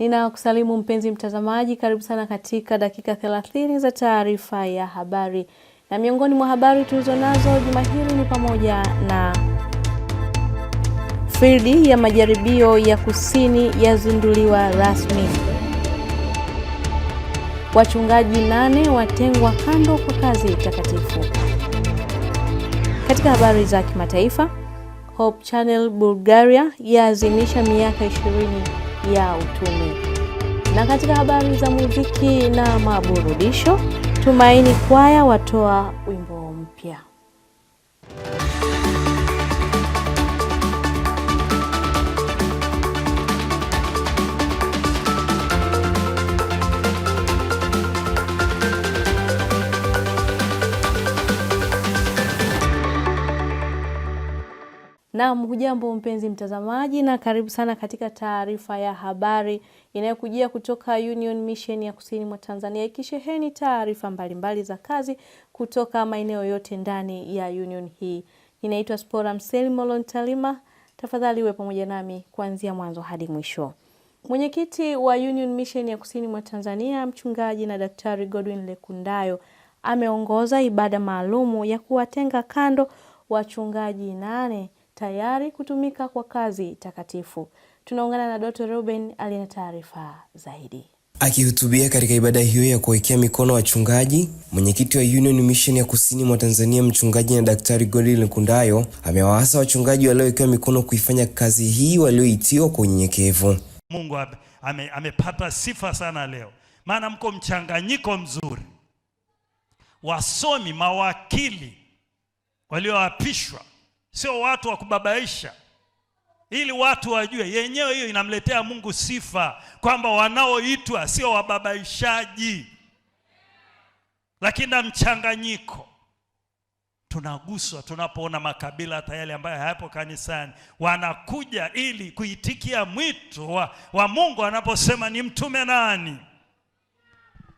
Ninakusalimu mpenzi mtazamaji, karibu sana katika dakika 30 za taarifa ya habari, na miongoni mwa habari tulizo nazo juma hili ni pamoja na fildi ya majaribio ya kusini yazinduliwa rasmi, wachungaji nane watengwa kando kwa kazi takatifu. Katika habari za kimataifa, Hope Channel Bulgaria yaazimisha miaka ishirini ya utume. Na katika habari za muziki na maburudisho, Tumaini Kwaya watoa wimbo Naam, hujambo mpenzi mtazamaji, na karibu sana katika taarifa ya habari inayokujia kutoka Union Mission ya Kusini mwa Tanzania, ikisheheni taarifa mbalimbali za kazi kutoka maeneo yote ndani ya union hii. Ninaitwa Spora Mseli Molon Talima. Tafadhali uwe pamoja nami kuanzia mwanzo hadi mwisho. Mwenyekiti wa Union Mission ya Kusini mwa Tanzania, mchungaji na daktari Godwin Lekundayo ameongoza ibada maalumu ya kuwatenga kando wachungaji nane tayari kutumika kwa kazi takatifu. Tunaungana na Dr. Ruben aliye na taarifa zaidi. Akihutubia katika ibada hiyo ya kuwekea mikono wachungaji, mwenyekiti wa Union Mission ya Kusini mwa Tanzania, mchungaji na daktari Godwin Lekundayo amewaasa wachungaji waliowekewa mikono kuifanya kazi hii walioitiwa kwa unyenyekevu. Mungu ame, amepata sifa sana leo, maana mko mchanganyiko mzuri, wasomi, mawakili walioapishwa sio watu wa kubabaisha, ili watu wajue. Yenyewe hiyo inamletea Mungu sifa kwamba wanaoitwa sio wababaishaji, lakini na mchanganyiko. Tunaguswa tunapoona makabila hata yale ambayo hayapo kanisani wanakuja ili kuitikia mwito wa, wa Mungu anaposema ni mtume nani.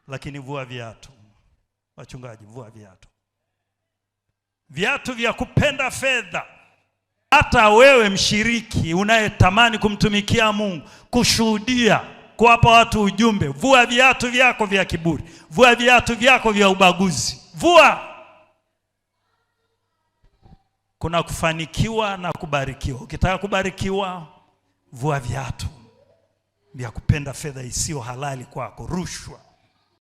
Lakini vua viatu, wachungaji, vua viatu viatu vya kupenda fedha. Hata wewe mshiriki unayetamani kumtumikia Mungu, kushuhudia, kuwapa watu ujumbe, vua viatu vyako vya kiburi, vua viatu vyako vya ubaguzi, vua kuna kufanikiwa na kubarikiwa. Ukitaka kubarikiwa, vua viatu vya kupenda fedha isiyo halali kwako, rushwa.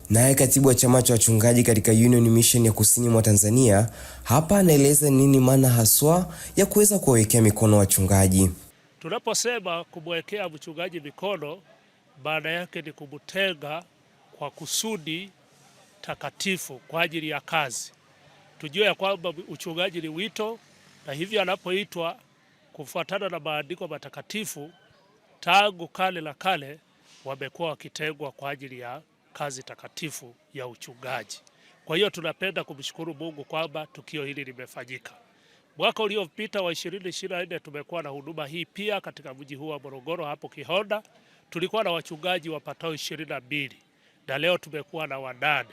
Naye katibu wa chama cha wachungaji katika Union Mission ya kusini mwa Tanzania hapa anaeleza nini maana haswa ya kuweza kuwawekea mikono wachungaji. Tunaposema kumwekea mchungaji mikono, maana yake ni kumtenga kwa kusudi takatifu kwa ajili ya kazi. Tujue ya kwamba uchungaji ni wito, na hivyo anapoitwa kufuatana na maandiko matakatifu, tangu kale la kale wamekuwa wakitengwa kwa ajili ya kazi takatifu ya uchungaji. Kwa hiyo tunapenda kumshukuru Mungu kwamba tukio hili limefanyika. Mwaka uliopita wa 2024 tumekuwa na huduma hii pia katika mji huu wa Morogoro hapo Kihonda. Tulikuwa na wachungaji wapatao 22 na leo tumekuwa na wanane.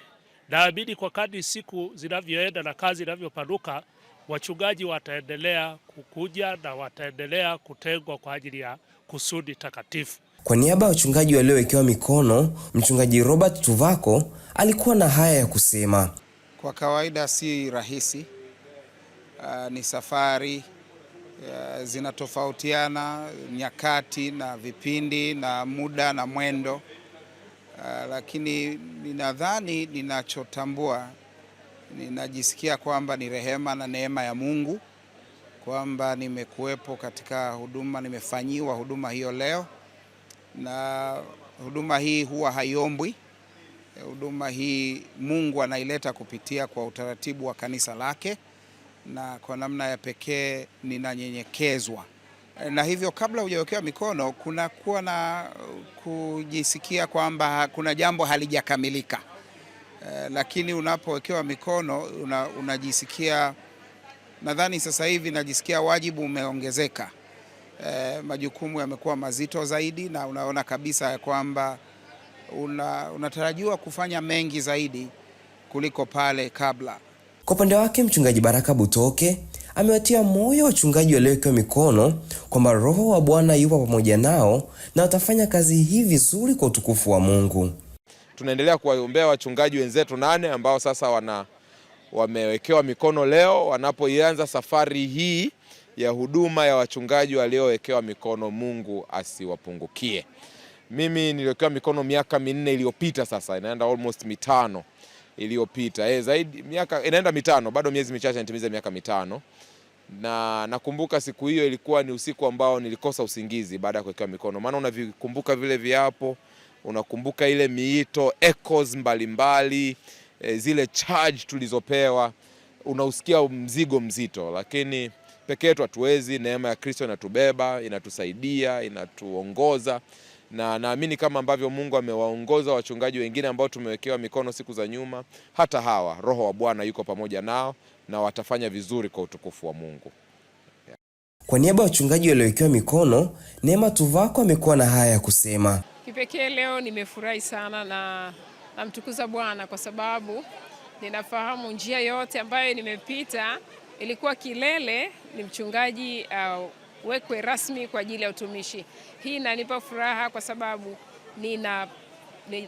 Naamini kwa kadri siku zinavyoenda na kazi inavyopanuka, wachungaji wataendelea kukuja na wataendelea kutengwa kwa ajili ya kusudi takatifu. Kwa niaba ya wachungaji waliowekewa mikono, mchungaji Robert Tuvako alikuwa na haya ya kusema. Kwa kawaida si rahisi, uh, ni safari uh, zinatofautiana nyakati na vipindi na muda na mwendo uh, lakini ninadhani ninachotambua, ninajisikia kwamba ni rehema na neema ya Mungu kwamba nimekuwepo katika huduma, nimefanyiwa huduma hiyo leo na huduma hii huwa haiombwi. E, huduma hii Mungu anaileta kupitia kwa utaratibu wa kanisa lake, na kwa namna ya pekee ninanyenyekezwa e, na hivyo kabla hujawekewa mikono kuna kuwa na kujisikia kwamba kuna jambo halijakamilika, e, lakini unapowekewa mikono una, unajisikia nadhani sasa hivi najisikia wajibu umeongezeka eh, majukumu yamekuwa mazito zaidi na unaona kabisa ya kwamba una, unatarajiwa kufanya mengi zaidi kuliko pale kabla. Kwa upande wake mchungaji Baraka Butoke amewatia moyo wachungaji waliowekewa mikono kwamba Roho wa Bwana yupo pamoja nao na watafanya kazi hii vizuri kwa utukufu wa Mungu. Tunaendelea kuwaombea wachungaji wenzetu nane ambao sasa wana wamewekewa mikono leo wanapoianza safari hii ya huduma ya wachungaji waliowekewa mikono. Mungu asiwapungukie. Mimi niliwekewa mikono miaka minne iliyopita, sasa inaenda almost mitano iliyopita e, zaidi miaka inaenda mitano, bado miezi michache nitimiza miaka mitano. Na nakumbuka siku hiyo ilikuwa ni usiku ambao nilikosa usingizi baada ya kuwekewa mikono, maana unavikumbuka vile viapo, unakumbuka ile miito echoes mbalimbali e, zile charge tulizopewa, unausikia mzigo mzito, lakini peke yetu hatuwezi. Neema ya Kristo inatubeba, inatusaidia, inatuongoza na naamini kama ambavyo Mungu amewaongoza wachungaji wengine ambao tumewekewa mikono siku za nyuma, hata hawa Roho wa Bwana yuko pamoja nao na watafanya vizuri kwa utukufu wa Mungu. Yeah. Kwa niaba ya wachungaji waliowekewa mikono, Neema Tuvako amekuwa na haya ya kusema. Kipekee leo nimefurahi sana na namtukuza Bwana kwa sababu ninafahamu njia yote ambayo nimepita Ilikuwa kilele ni mchungaji awekwe uh, rasmi kwa ajili ya utumishi. Hii inanipa furaha kwa sababu nina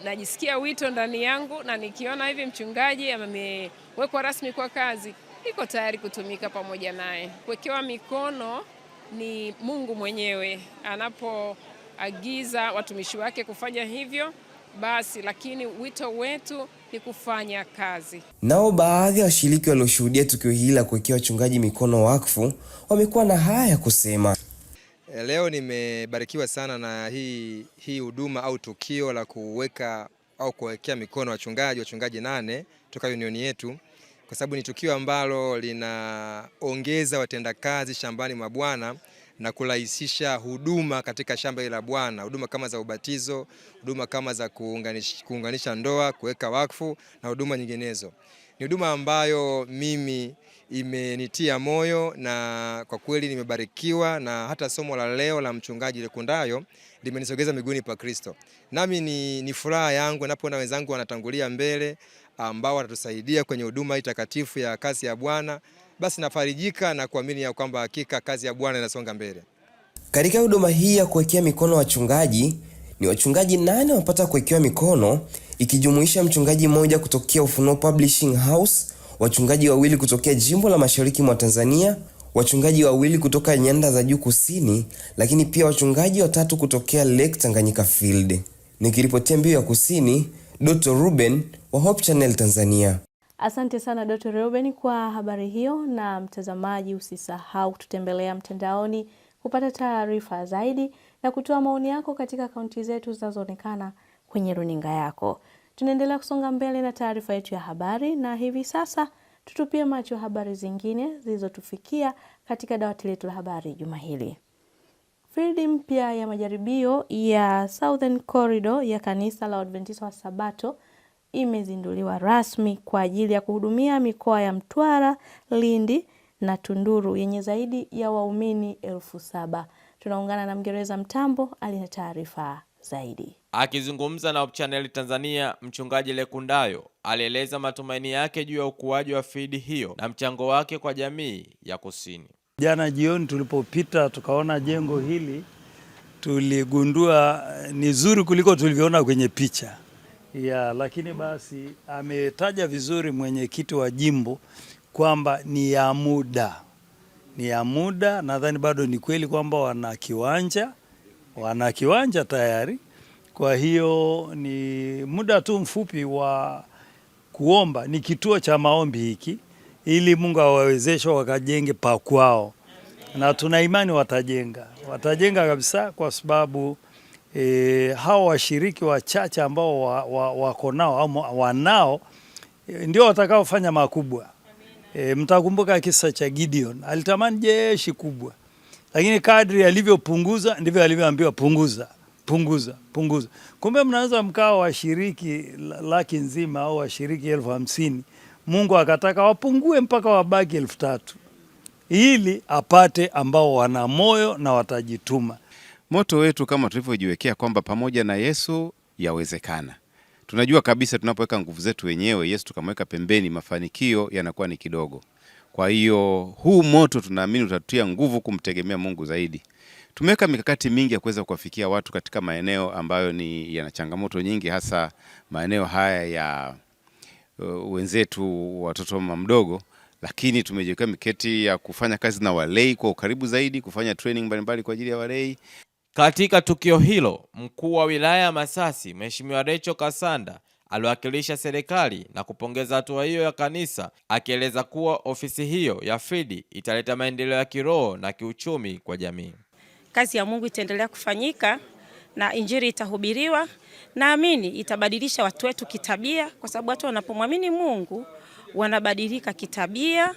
najisikia wito ndani yangu, na nikiona hivi mchungaji amewekwa rasmi kwa kazi, iko tayari kutumika pamoja naye. Kuwekewa mikono ni Mungu mwenyewe anapoagiza watumishi wake kufanya hivyo basi, lakini wito wetu ni kufanya kazi. Nao baadhi ya washiriki walioshuhudia tukio hili la kuwekea wachungaji mikono wakfu wamekuwa na haya ya kusema. Eh, leo nimebarikiwa sana na hii hii huduma au tukio la kuweka au kuwekea mikono wachungaji wachungaji nane toka unioni yetu, kwa sababu ni tukio ambalo linaongeza watendakazi shambani mwa Bwana na kurahisisha huduma katika shamba la Bwana, huduma kama za ubatizo, huduma kama za kuunganisha, kuunganisha ndoa, kuweka wakfu na huduma nyinginezo. Ni huduma ambayo mimi imenitia moyo na kwa kweli nimebarikiwa, na hata somo la leo la mchungaji Lekundayo limenisogeza miguuni pa Kristo. Nami ni, ni furaha yangu ninapoona wenzangu wanatangulia mbele ambao watatusaidia kwenye huduma hii takatifu ya kazi ya Bwana basi nafarijika na kuamini ya kwamba hakika kazi ya Bwana inasonga mbele. Katika huduma hii ya kuwekea mikono wachungaji, ni wachungaji nane wapata kuwekewa mikono ikijumuisha mchungaji mmoja kutokea Ufunuo Publishing House, wachungaji wawili kutokea jimbo la mashariki mwa Tanzania, wachungaji wawili kutoka nyanda za juu kusini, lakini pia wachungaji watatu kutokea Lake Tanganyika Field. Nikiripotia mbiu ya kusini, Dr. Ruben wa Hope Channel Tanzania. Asante sana Dr. Reuben kwa habari hiyo, na mtazamaji, usisahau kututembelea mtandaoni kupata taarifa zaidi na kutoa maoni yako katika akaunti zetu zinazoonekana kwenye runinga yako. Tunaendelea kusonga mbele na taarifa yetu ya habari, na hivi sasa tutupie macho habari zingine zilizotufikia katika dawati letu la habari juma hili. fildi mpya ya majaribio ya Southern Corridor ya kanisa la Waadventista wa Sabato imezinduliwa rasmi kwa ajili ya kuhudumia mikoa ya Mtwara, Lindi na Tunduru yenye zaidi ya waumini elfu saba. Tunaungana na mgereza Mtambo alina taarifa zaidi. Akizungumza na Hope Channel Tanzania, mchungaji Lekundayo alieleza matumaini yake juu ya ukuaji wa fidi hiyo na mchango wake kwa jamii ya Kusini. Jana jioni tulipopita tukaona jengo hili, tuligundua eh, ni zuri kuliko tulivyoona kwenye picha ya lakini basi ametaja vizuri mwenyekiti wa jimbo kwamba ni ya muda, ni ya muda. Nadhani bado ni kweli kwamba wana kiwanja, wana kiwanja tayari. Kwa hiyo ni muda tu mfupi wa kuomba, ni kituo cha maombi hiki, ili Mungu awawezeshe wakajenge pakwao, na tuna imani watajenga, watajenga kabisa, kwa sababu e, hawa washiriki wachache ambao wako wa, wa nao au wanao e, ndio watakaofanya makubwa. E, mtakumbuka kisa cha Gideon, alitamani jeshi kubwa, lakini kadri alivyopunguza ndivyo alivyoambiwa punguza punguza punguza. Kumbe mnaweza mkawa washiriki laki nzima au washiriki elfu hamsini Mungu akataka wapungue mpaka wabaki elfu tatu ili apate ambao wana moyo na watajituma. Moto wetu kama tulivyojiwekea kwamba pamoja na Yesu yawezekana. Tunajua kabisa tunapoweka nguvu zetu wenyewe, Yesu tukamweka pembeni, mafanikio yanakuwa ni kidogo. Kwa hiyo huu moto tunaamini utatutia nguvu kumtegemea Mungu zaidi. Tumeweka mikakati mingi ya kuweza kuwafikia watu katika maeneo ambayo ni yana changamoto nyingi, hasa maeneo haya ya uh, wenzetu watoto mama mdogo, lakini tumejiwekea miketi ya kufanya kazi na walei kwa ukaribu zaidi, kufanya training mbalimbali kwa ajili ya walei. Katika tukio hilo, mkuu wa wilaya ya Masasi Mheshimiwa Recho Kasanda aliwakilisha serikali na kupongeza hatua hiyo ya kanisa, akieleza kuwa ofisi hiyo ya Fidi italeta maendeleo ya kiroho na kiuchumi kwa jamii. Kazi ya Mungu itaendelea kufanyika na injili itahubiriwa, naamini itabadilisha watu wetu kitabia, kwa sababu watu wanapomwamini Mungu wanabadilika kitabia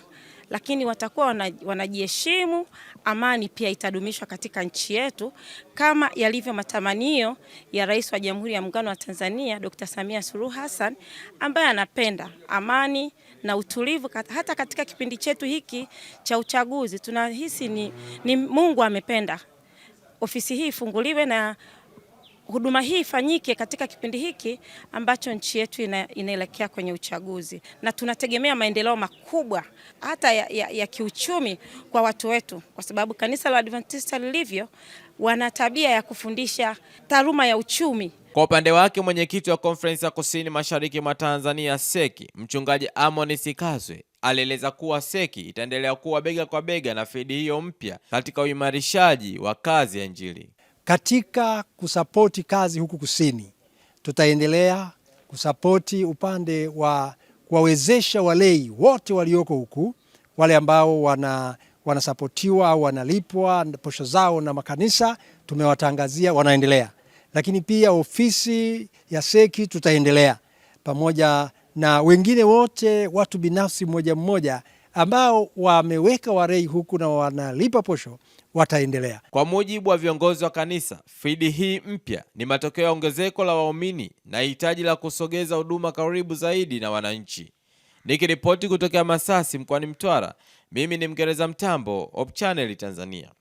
lakini watakuwa wanajiheshimu. Amani pia itadumishwa katika nchi yetu kama yalivyo matamanio ya Rais wa Jamhuri ya Muungano wa Tanzania Dr. Samia Suluhu Hassan ambaye anapenda amani na utulivu. Hata katika kipindi chetu hiki cha uchaguzi tunahisi ni, ni Mungu amependa ofisi hii ifunguliwe na huduma hii ifanyike katika kipindi hiki ambacho nchi yetu ina, inaelekea kwenye uchaguzi na tunategemea maendeleo makubwa hata ya, ya, ya kiuchumi kwa watu wetu, kwa sababu kanisa la Adventista lilivyo, wana tabia ya kufundisha taaluma ya uchumi. Kwa upande wake mwenyekiti wa Konferensi ya Kusini Mashariki mwa Tanzania seki mchungaji Amon Sikazwe alieleza kuwa seki itaendelea kuwa bega kwa bega na fidi hiyo mpya katika uimarishaji wa kazi ya Injili. Katika kusapoti kazi huku kusini, tutaendelea kusapoti upande wa kuwawezesha walei wote walioko huku, wale ambao wana wanasapotiwa au wanalipwa posho zao na makanisa, tumewatangazia wanaendelea. Lakini pia ofisi ya seki tutaendelea, pamoja na wengine wote, watu binafsi mmoja mmoja ambao wameweka warei huku na wanalipa posho wataendelea. Kwa mujibu wa viongozi wa kanisa, fidi hii mpya ni matokeo ya ongezeko la waumini na hitaji la kusogeza huduma karibu zaidi na wananchi. Nikiripoti kutokea Masasi mkoani Mtwara, mimi ni Mgereza Mtambo, Hope Channel Tanzania.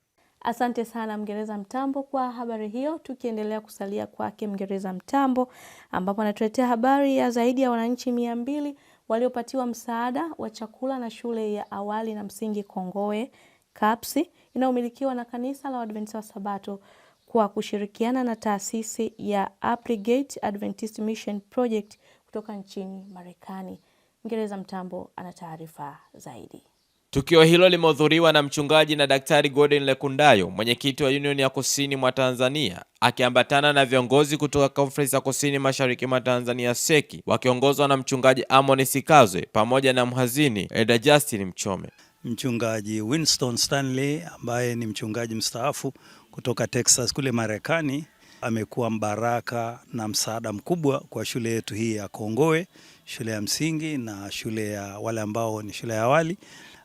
Asante sana Mgereza Mtambo kwa habari hiyo. Tukiendelea kusalia kwake Mgereza Mtambo, ambapo anatuletea habari ya zaidi ya wananchi mia mbili waliopatiwa msaada wa chakula na shule ya awali na msingi Kongoe Kapsi inayomilikiwa na kanisa la Waadventista wa Sabato kwa kushirikiana na taasisi ya Applegate Adventist Mission Project kutoka nchini Marekani. Mngereza Mtambo ana taarifa zaidi. Tukio hilo limehudhuriwa na mchungaji na Daktari Gordon Lekundayo, mwenyekiti wa Union ya Kusini mwa Tanzania, akiambatana na viongozi kutoka Conference ya Kusini Mashariki mwa Tanzania seki wakiongozwa na mchungaji Amon Sikazwe pamoja na mhazini Eda Justin Mchome. Mchungaji Winston Stanley ambaye ni mchungaji mstaafu kutoka Texas kule Marekani amekuwa mbaraka na msaada mkubwa kwa shule yetu hii ya Kongowe, shule ya msingi na shule ya wale ambao ni shule ya awali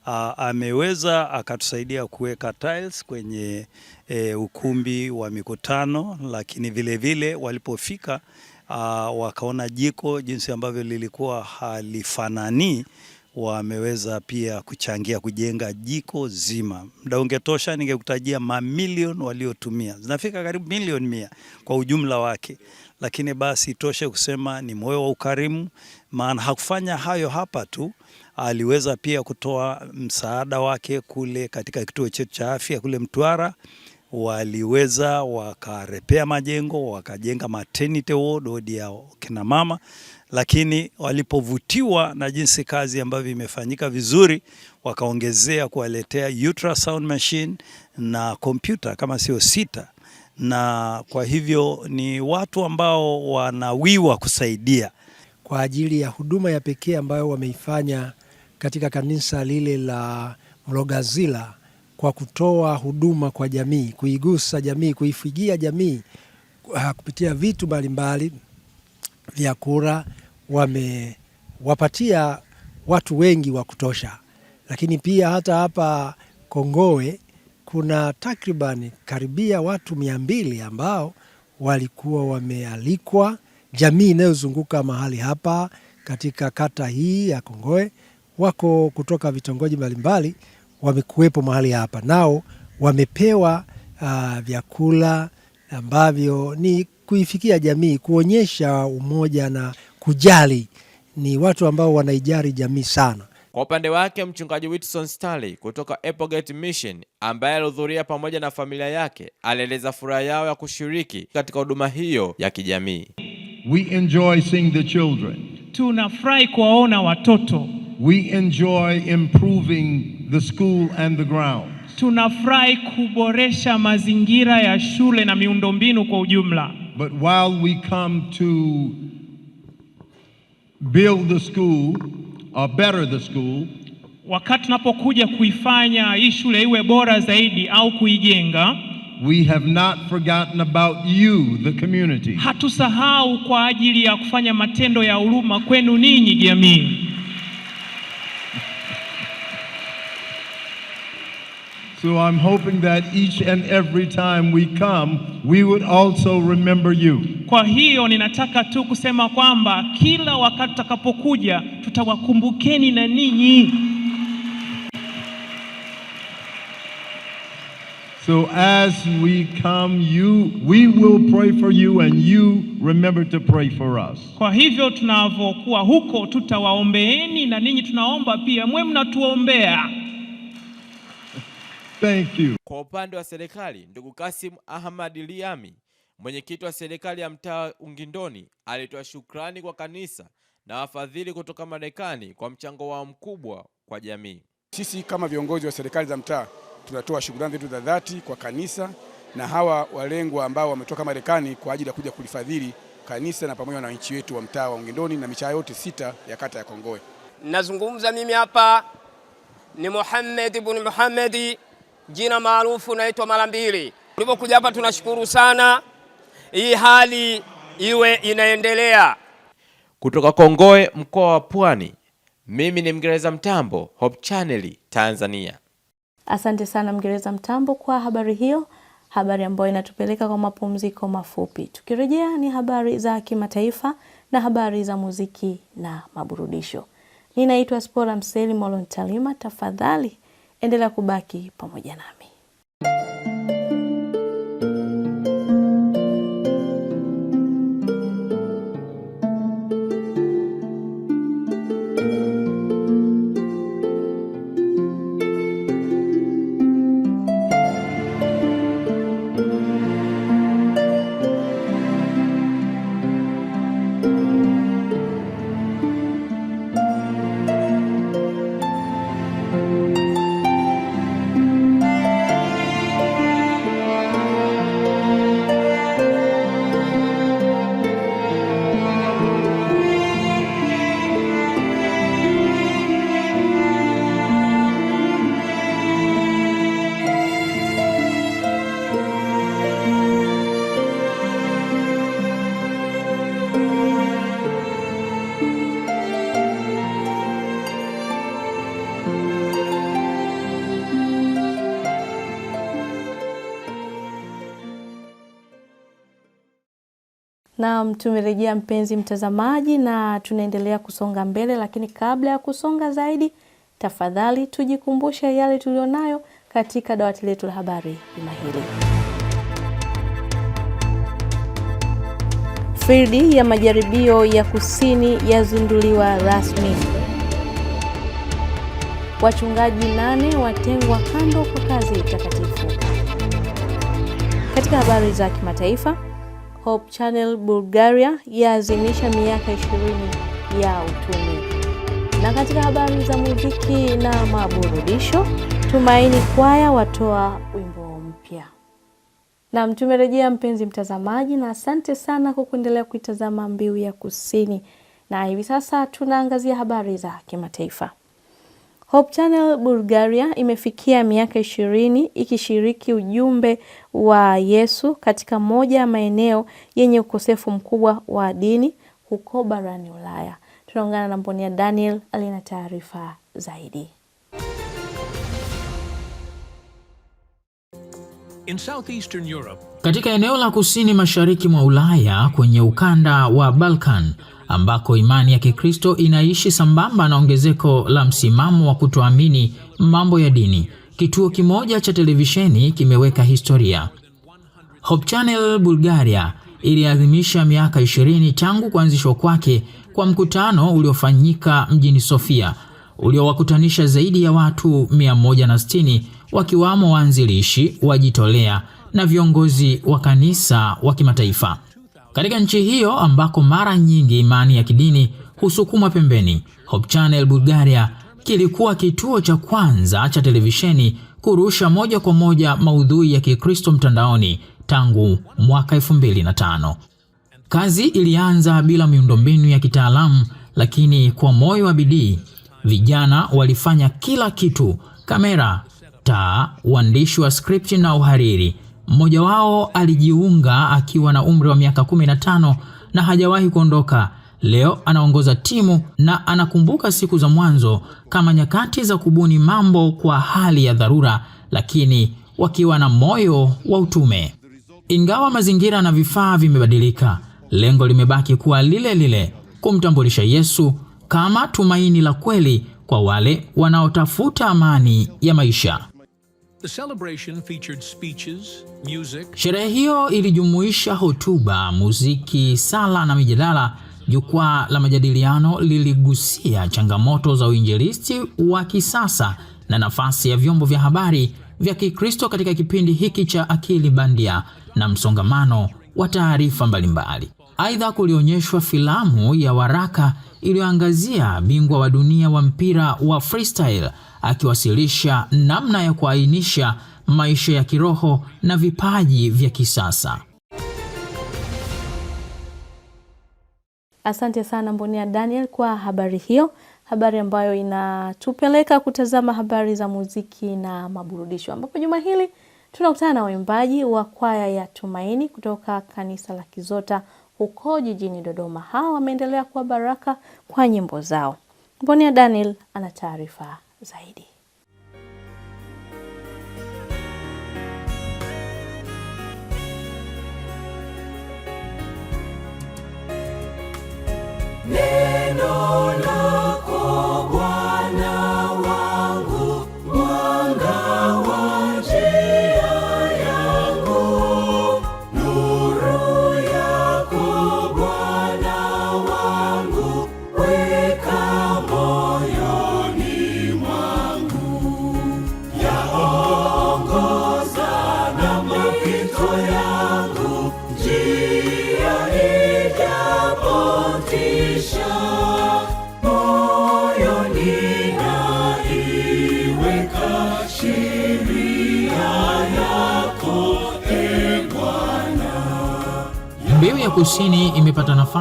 uh, ameweza akatusaidia kuweka tiles kwenye uh, ukumbi wa mikutano, lakini vilevile vile, walipofika uh, wakaona jiko jinsi ambavyo lilikuwa halifanani, wameweza pia kuchangia kujenga jiko zima. Muda ungetosha ningekutajia mamilioni waliotumia, zinafika karibu milioni mia kwa ujumla wake, lakini basi itoshe kusema ni moyo wa ukarimu maana hakufanya hayo hapa tu, aliweza pia kutoa msaada wake kule katika kituo chetu cha afya kule Mtwara. Waliweza wakarepea majengo, wakajenga maternity ward, wodi ya kina mama, lakini walipovutiwa na jinsi kazi ambavyo imefanyika vizuri, wakaongezea kuwaletea ultrasound machine na kompyuta kama sio sita na kwa hivyo ni watu ambao wanawiwa kusaidia kwa ajili ya huduma ya pekee ambayo wameifanya katika kanisa lile la Mlogazila kwa kutoa huduma kwa jamii, kuigusa jamii, kuifigia jamii kupitia vitu mbalimbali, vya kura Wamewapatia watu wengi wa kutosha, lakini pia hata hapa Kongowe kuna takriban karibia watu mia mbili ambao walikuwa wamealikwa jamii inayozunguka mahali hapa katika kata hii ya Kongoe wako kutoka vitongoji mbalimbali, wamekuwepo mahali hapa, nao wamepewa uh, vyakula ambavyo ni kuifikia jamii, kuonyesha umoja na kujali. Ni watu ambao wanaijali jamii sana. Kwa upande wake mchungaji Whitson Stanley kutoka Epogate Mission ambaye alihudhuria pamoja na familia yake alieleza furaha yao ya kushiriki katika huduma hiyo ya kijamii. We enjoy seeing the children. Tunafurahi kuwaona watoto. We enjoy improving the school and the ground. Tunafurahi kuboresha mazingira ya shule na miundombinu kwa ujumla. But while we come to build the school or better the school, wakati tunapokuja kuifanya hii shule iwe bora zaidi au kuijenga We have not forgotten about you, the community. Hatusahau kwa ajili ya kufanya matendo ya huruma kwenu ninyi jamii. So I'm hoping that each and every time we come, we would also remember you. Kwa hiyo ninataka tu kusema kwamba kila wakati tutakapokuja tutawakumbukeni na ninyi. So as we come you we will pray for you and you remember to pray for us. Kwa hivyo tunavyokuwa huko tutawaombeeni na ninyi tunaomba pia mwe mnatuombea. Thank you. Kwa upande wa serikali, ndugu Kasim Ahmad Liami, mwenyekiti wa serikali ya mtaa Ungindoni, alitoa shukrani kwa kanisa na wafadhili kutoka Marekani kwa mchango wao mkubwa kwa jamii. Sisi kama viongozi wa serikali za mtaa tunatoa shukrani zetu za dhati kwa kanisa na hawa walengwa ambao wametoka Marekani kwa ajili ya kuja kulifadhili kanisa na pamoja na wananchi wetu wa mtaa wa Ungendoni na mitaa yote sita ya kata ya Kongowe. Nazungumza mimi hapa ni Muhammad ibn Muhammad, jina maarufu naitwa mara mbili. Ulipokuja hapa tunashukuru sana, hii hali iwe inaendelea. Kutoka Kongowe, mkoa wa Pwani, mimi ni mgereza Mtambo, Hope Channel, Tanzania. Asante sana Mgereza Mtambo kwa habari hiyo, habari ambayo inatupeleka kwa mapumziko mafupi. Tukirejea ni habari za kimataifa na habari za muziki na maburudisho. Ninaitwa Spora Mseli Molontalima, tafadhali endelea kubaki pamoja nami. Naam, tumerejea mpenzi mtazamaji, na tunaendelea kusonga mbele, lakini kabla ya kusonga zaidi, tafadhali tujikumbushe yale tuliyonayo katika dawati letu la habari juma hili. fildi ya majaribio ya kusini yazinduliwa rasmi. Wachungaji nane watengwa kando kwa kazi takatifu. Katika habari za kimataifa Hope Channel Bulgaria yaazimisha miaka 20 ya utume. Na katika habari za muziki na maburudisho, Tumaini Kwaya watoa wimbo mpya. Naam, tumerejea mpenzi mtazamaji, na asante sana kwa kuendelea kuitazama Mbiu ya Kusini, na hivi sasa tunaangazia habari za kimataifa. Hope Channel Bulgaria imefikia miaka ishirini ikishiriki ujumbe wa Yesu katika moja ya maeneo yenye ukosefu mkubwa wa dini huko barani Ulaya. Tunaungana na Mponia Daniel alina taarifa zaidi. In Southeastern Europe. Katika eneo la kusini mashariki mwa Ulaya kwenye ukanda wa Balkan ambako imani ya Kikristo inaishi sambamba na ongezeko la msimamo wa kutoamini mambo ya dini. Kituo kimoja cha televisheni kimeweka historia. Hope Channel Bulgaria iliadhimisha miaka 20 tangu kuanzishwa kwake kwa mkutano uliofanyika mjini Sofia uliowakutanisha zaidi ya watu 160 wakiwamo waanzilishi, wajitolea na viongozi wa kanisa wa kimataifa katika nchi hiyo ambako mara nyingi imani ya kidini husukumwa pembeni. Hope Channel Bulgaria kilikuwa kituo cha kwanza cha televisheni kurusha moja kwa moja maudhui ya Kikristo mtandaoni tangu mwaka 2005. Kazi ilianza bila miundombinu ya kitaalamu, lakini kwa moyo wa bidii vijana walifanya kila kitu: kamera, taa, uandishi wa skripti na uhariri. Mmoja wao alijiunga akiwa na umri wa miaka 15 na hajawahi kuondoka. Leo anaongoza timu na anakumbuka siku za mwanzo kama nyakati za kubuni mambo kwa hali ya dharura, lakini wakiwa na moyo wa utume. Ingawa mazingira na vifaa vimebadilika, lengo limebaki kuwa lile lile, kumtambulisha Yesu kama tumaini la kweli kwa wale wanaotafuta amani ya maisha. Sherehe hiyo ilijumuisha hotuba, muziki, sala na mijadala. Jukwaa la majadiliano liligusia changamoto za uinjilisti wa kisasa na nafasi ya vyombo vya habari vya Kikristo katika kipindi hiki cha akili bandia na msongamano wa taarifa mbalimbali. Aidha, kulionyeshwa filamu ya Waraka iliyoangazia bingwa wa dunia wa mpira wa freestyle akiwasilisha namna ya kuainisha maisha ya kiroho na vipaji vya kisasa. Asante sana Mbonia Daniel kwa habari hiyo, habari ambayo inatupeleka kutazama habari za muziki na maburudisho, ambapo juma hili tunakutana na waimbaji wa kwaya ya Tumaini kutoka kanisa la Kizota huko jijini Dodoma. Hawa wameendelea kuwa baraka kwa nyimbo zao. Mbonia Daniel ana taarifa zaidi. Neno lako Bwana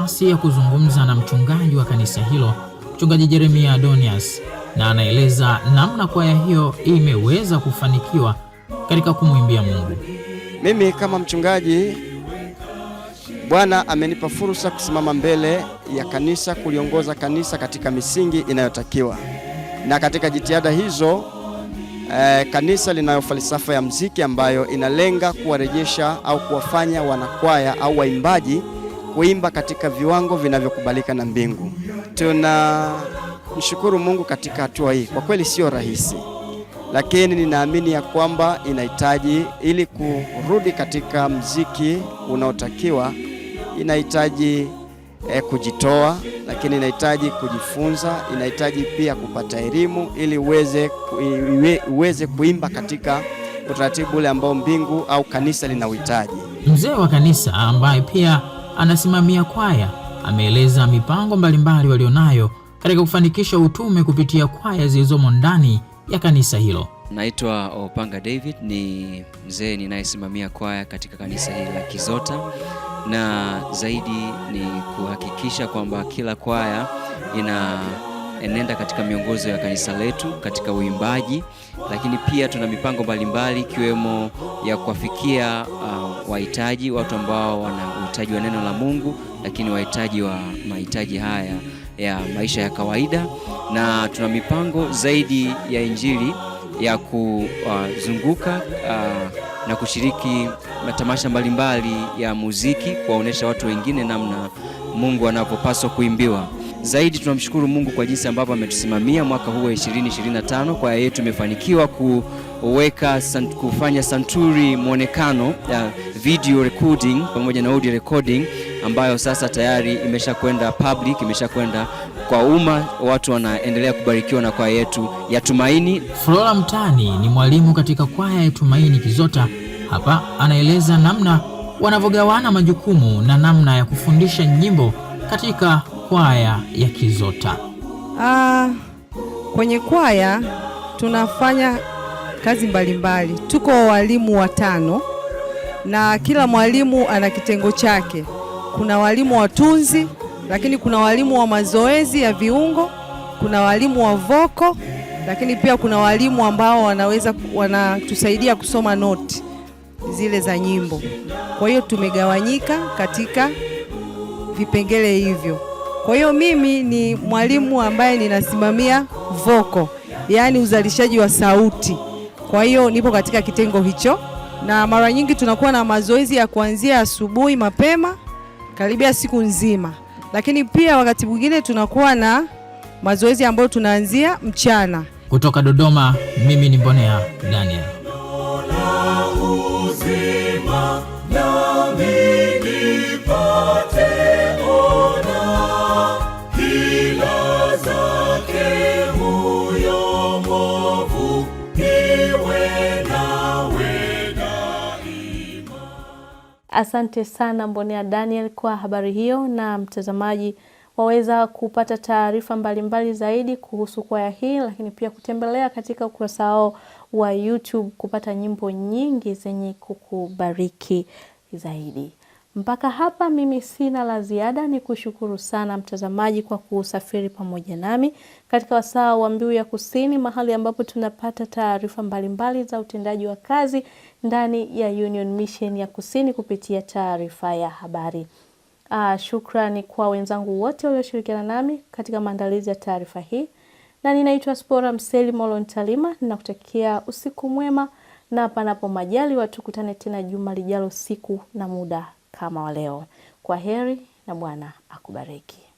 nafasi ya kuzungumza na mchungaji wa kanisa hilo, mchungaji Jeremia Adonias, na anaeleza namna kwaya hiyo imeweza kufanikiwa katika kumwimbia Mungu. Mimi kama mchungaji, Bwana amenipa fursa kusimama mbele ya kanisa, kuliongoza kanisa katika misingi inayotakiwa, na katika jitihada hizo Eh, kanisa linayo falsafa ya mziki ambayo inalenga kuwarejesha au kuwafanya wanakwaya au waimbaji kuimba katika viwango vinavyokubalika na mbingu. Tunamshukuru Mungu katika hatua hii, kwa kweli sio rahisi, lakini ninaamini ya kwamba inahitaji, ili kurudi katika mziki unaotakiwa inahitaji eh, kujitoa lakini inahitaji kujifunza, inahitaji pia kupata elimu ili uweze, uweze kuimba katika utaratibu ule ambao mbingu au kanisa linauhitaji. Mzee wa kanisa ambaye pia anasimamia kwaya, ameeleza mipango mbalimbali walionayo katika kufanikisha utume kupitia kwaya zilizomo ndani ya kanisa hilo. Naitwa Opanga David, ni mzee ninayesimamia kwaya katika kanisa hili la Kizota, na zaidi ni kuhakikisha kwamba kila kwaya ina enenda katika miongozo ya kanisa letu katika uimbaji, lakini pia tuna mipango mbalimbali ikiwemo ya kuwafikia uh, wahitaji, watu ambao wana uhitaji wa neno la Mungu, lakini wahitaji wa mahitaji haya ya maisha ya kawaida, na tuna mipango zaidi ya Injili ya kuzunguka uh, na kushiriki matamasha mbalimbali ya muziki kuwaonesha watu wengine namna Mungu anapopaswa kuimbiwa. Zaidi tunamshukuru Mungu kwa jinsi ambavyo ametusimamia mwaka huu wa 2025 kwaya yetu imefanikiwa kuweka kufanya santuri mwonekano uh, video recording pamoja na audio recording ambayo sasa tayari imesha kwenda public, imesha kwenda kwa umma, watu wanaendelea kubarikiwa na kwaya yetu ya Tumaini. Flora Mtani ni mwalimu katika kwaya ya Tumaini Kizota. Hapa anaeleza namna wanavyogawana majukumu na namna ya kufundisha nyimbo katika kwaya ya Kizota. Ah, kwenye kwaya tunafanya kazi mbalimbali mbali. Tuko walimu watano na kila mwalimu ana kitengo chake. Kuna walimu watunzi, lakini kuna walimu wa mazoezi ya viungo, kuna walimu wa voko, lakini pia kuna walimu ambao wanaweza wanatusaidia kusoma noti zile za nyimbo. Kwa hiyo tumegawanyika katika vipengele hivyo. Kwa hiyo mimi ni mwalimu ambaye ninasimamia voko, yaani uzalishaji wa sauti. Kwa hiyo nipo katika kitengo hicho na mara nyingi tunakuwa na mazoezi ya kuanzia asubuhi mapema karibia siku nzima, lakini pia wakati mwingine tunakuwa na mazoezi ambayo tunaanzia mchana. Kutoka Dodoma, mimi ni Mbonea Daniel. Asante sana Mbonea Daniel kwa habari hiyo, na mtazamaji waweza kupata taarifa mbalimbali zaidi kuhusu kwaya hii, lakini pia kutembelea katika ukurasa wao wa YouTube kupata nyimbo nyingi zenye kukubariki zaidi. Mpaka hapa mimi sina la ziada, ni kushukuru sana mtazamaji kwa kusafiri pamoja nami katika wasaa wa Mbiu ya Kusini, mahali ambapo tunapata taarifa mbalimbali za utendaji wa kazi ndani ya Union Mission ya Kusini kupitia taarifa ya habari. Aa, ah, shukrani kwa wenzangu wote walioshirikiana nami katika maandalizi ya taarifa hii, na ninaitwa Spora Mseli Molontalima, ninakutakia usiku mwema na panapo majali watukutane tena juma lijalo siku na muda kama wa leo. Kwa heri na Bwana akubariki.